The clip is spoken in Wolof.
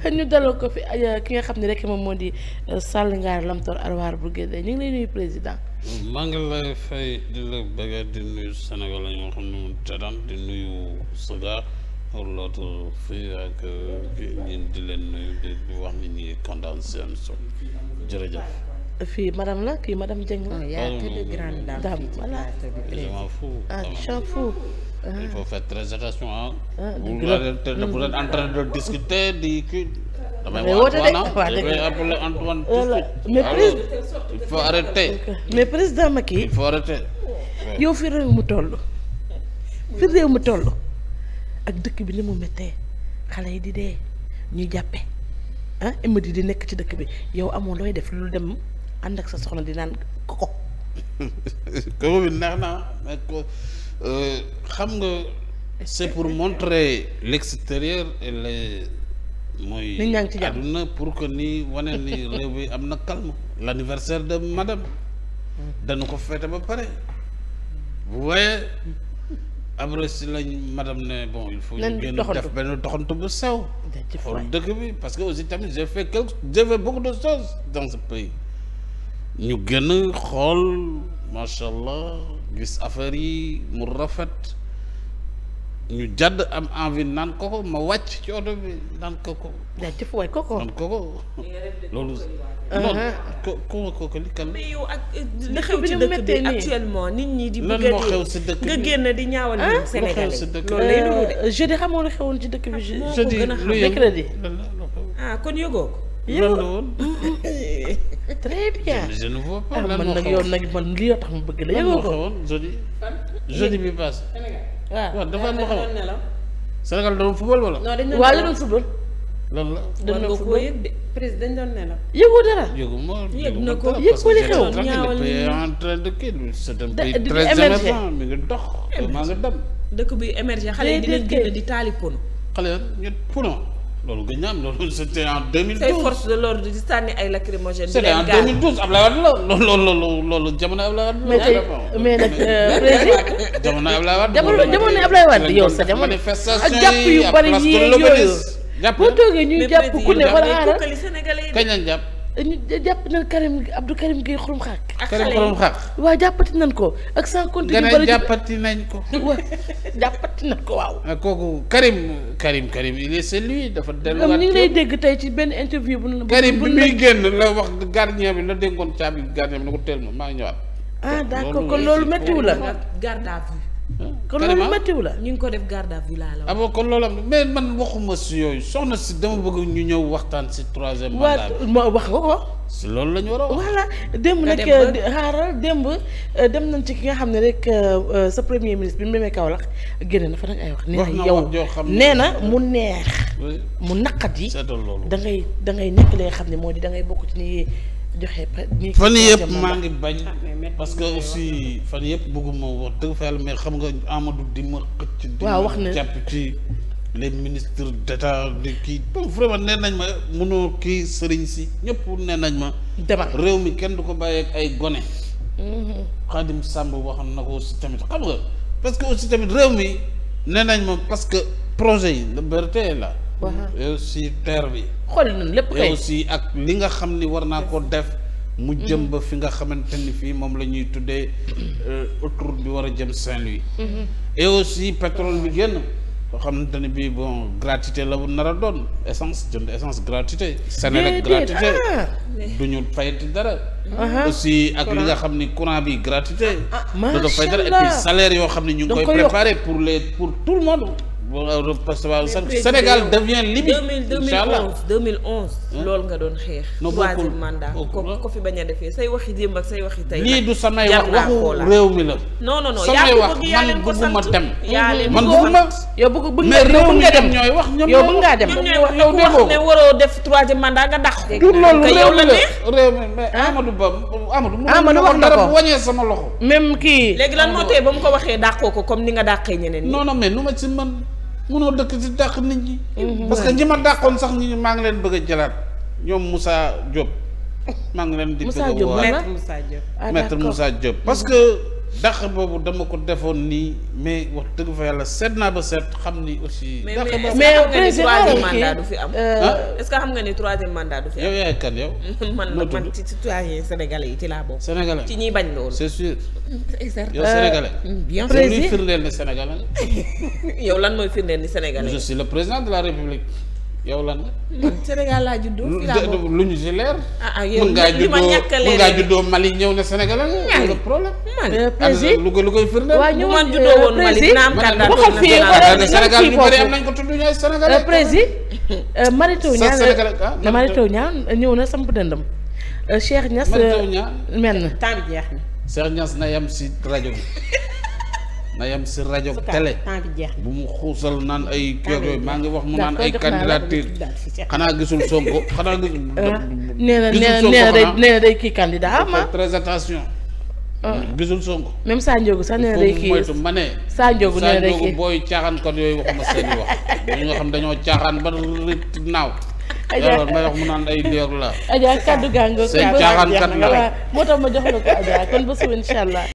ñu dalal ko fi euh, ki nga xam ni rek moom moo di euh, Sall Ngaar Lamtoor Arwaar bu Gédé ñu ngi lay président. maa ngi lay fay di la bëgg di nuyu Sénégal la ñoo xam ne mu tëram di nuyu Saga loolu fii ak ñun euh, di leen nuyu di wax fii madame la kii madame Dieng la. Oh, y' a que de grandes dames voilà. ah tu ah. ah, hmm. di kii. damay woote mais président il faut yow fi réew mu toll. fi réew mu toll. ak dëkk bi li mu méttee xale yi di dee ñu jàppe ah émédi di nekk ci dëkk bi yow amoo looy def lu dem. ànd ak sa soxla di naan koko. koko bi neex na mais ko euh, xam nga. c'est pour montre l'extérieur et les. mooy nit ñaa pour que ni wane ni réew bi am na calme. l'anniversaire de madame. dañu ko feete ba pare. vous voyez après si lañ madame ne bon il faut. ñu doxantu bu sew. xool dëkk bi parce que aussi tamit j'ai fait quelque j'ai fait beaucoup de choses dans ce pays. ñu gën a xool macha allah gis affaire yi mu rafet ñu jàdd am envie naan ko ma wàcc ci oto bi naan koko. jaajëf waay koko naan koko. loolu. Uh-huh. non ko ko koko li kan. mais yow ak euh, li xew ci dëkk bi actuellement nit ñi di. bëgg a nga génn di ñaawal ñu Sénégalais loolu lay dugg lu xewoon ci dëkk bi. Ah, kon yëgoo ko. yëgoo passé. très bien je ne vois pas ah, lan man nag yow nag man lii yoo tax ma bëgg la yëgoo ko jeudi jeudi bi passé. waaw dafa am lu xaw Sénégal football wala. non dañu football. loolu la koo yëg de président doon ne yëgoo dara. yëgu na ko yëg li xew ñaawal en train de kii c'est un pays très émergent mi ngi dox. maa ngi dem. dëkk bi émergent xale yi dinañ génn di taali pono. xale yoon ñu pono. loolu gën naa am loolu c'était en 2012 say forces de l'ordre di sànni ay lacrymogène. la loolu loolu loolu jamono Ablaye Wade. mais tey mais nag euh, président. jamono Ablaye Wade jamono jamono Ablaye Wade yow sa jamono. ak ah, jàpp yu bari yi yooyu boo toogee ñuy jàpp ku ne war a aaral kañ lañ jàpp. ñu jàpp nañ Karim Abdou Karim Gueye xurum xaq. Karim xurum xaq. waaw jàppati nañ ko ak sans compte. ñu bari jàppati nañ ko. waaw jàppati nañ ko waaw. Ah, kooku Karim. Karim Karim il est celui dafa delluwaat ñu ngi lay dégg tey ci benn interview bu nu. Karim bi muy génn la wax gardien bi la déggoon caabi gardien bi na ko teel ma maa ñëwaat. ah d'accord loolu méttiwu la garde à kon loolu méttiw la ñu ngi ko def garde à laa la la ah kon loolu am mais man waxuma si yooyu soxna si dama bëgg ñu ñëw waxtaan si troisième mandat bi wax nga ko si loolu lañu ñu war a wax voilà démb nag euh, démb euh, dem nañ ci ki nga xam ne rek euh, sa premier ministre bi mu demee lax génne na fa nag ay wax nee na yow nee na mu neex mu naqat yi da ngay da ngay nekk li xam ne moo di da ngay bokk ci ni joxe fan yëpp maa ngi bañ ah, parce que aussi fan yëpp bëgguma wax dëgg fa yàlla mais xam nga Amadou di ma xëcc di ma jàpp ci les ministres d'état di kii bon vraiment nee nañ ma mënoo kii sëriñ si ñëpp nee nañ ma réew mi kenn du ko bàyyeeg ay gone mm-hmm. Xaadim Sàmb waxoon na ko aussi tamit xam nga parce que aussi tamit réew mi nee nañ ma parce que projet yi la BRT la réussir terre bi. xool nañ lépp kay réussir ak li nga xam ni war naa ko def. mu jëm ba fi nga xamante ni fii moom la ñuy tuddee euh, autoroute bi war a jëm Saint-Louis. Mhm. et aussi pétrole bi génn. loo xamante ni bi bon gratuité la nar a doon essence jënd essence gratuité. Senelec gratuité ah. du ñu fayati dara. aussi ak li nga xam ni courant bi gratuité. macha allah ah, du fay dara et puis salaire yoo xam ni ñu ngi koy préparer pour les pour tout le monde. Sénégal devient limite. incha allah 2011 2011. loolu nga doon xeex. non bokkul mandat ah. ko fi bañ a defee say waxi démb ak say waxi tey. lii du samay wax waxu réew mi la. non non non samay wax man bëgguma dem. yaa leen man bëgguma. yow bëgg bëgg nga dem mais réew mi ñooy wax ñoom yow dem. ñoom ñooy wax ne réew mi la réew mi mais ah. Amadou Ba Amadou. Amadou wax na ko wàññee sama loxo. même kii. léegi lan moo tee ba mu ko waxee dàqoo ko comme ni nga dàqee ñeneen ñi. mais nu ma ci man munoo dëkk di dàq nit ñi. Mhm. parce que ñi ma dàqoon sax ñi maa ngi leen bëgg a jëlaat ñoom Moussa Diop. maa ngi leen di. Moussa Diop maître Moussa Diop. Ah, parce mhm. que. dàq boobu dama ko defoon nii mais wax dëgg fa yàlla seet naa ba seet xam ni aussi. dàq mais mais xam nga ni troisième mandat du fi am. Euh, est-ce que xam nga ni troisième mandat du fi am. yow yaay kan yow. man la man ci citoyen sénégalais yi ci laa bokk. sénégalais ci ñuy bañ loolu. c'est sûr. yow sénégalais. Euh, mm, bien président luy firndeel yow lan mooy firndeel ni sénégalais. le président de la république. yow lan la. Sénégal laa juddoo. lu ñu si leer. ah ah yow li ma ñàkk a leer mën ngaa juddoo ñëw ne Sénégal la. ñaari problème. président lu ko lu koy firndeel. waaw ñu man euh, juddoo woon Mali dina am kàddaa waxal fii wala Sénégal ñu bëri am nañ ko tudd ñooy Sénégal. président euh, euh, ah, ñëw na samp dëndam. Cheikh Niass Marito Niang mel na temps bi jeex na. Cheikh Niass na yem si rajo bi. na yem si rajo télé bu mu xuusal naan ay kii maa ngi wax mu naan ay candidature xanaa gisul Sonko xanaa gisul. Ah, nee na nee na day nee na day kii candidat ah. Sa Ndiogou sax nee na day kii moytu ma ne. booy caaxaan kon yooyu waxuma seen wax ñi xam dañoo caaxaan ba naaw. Adja may wax mu moo tax ma jox la ko Adja kon ba suba incha allah.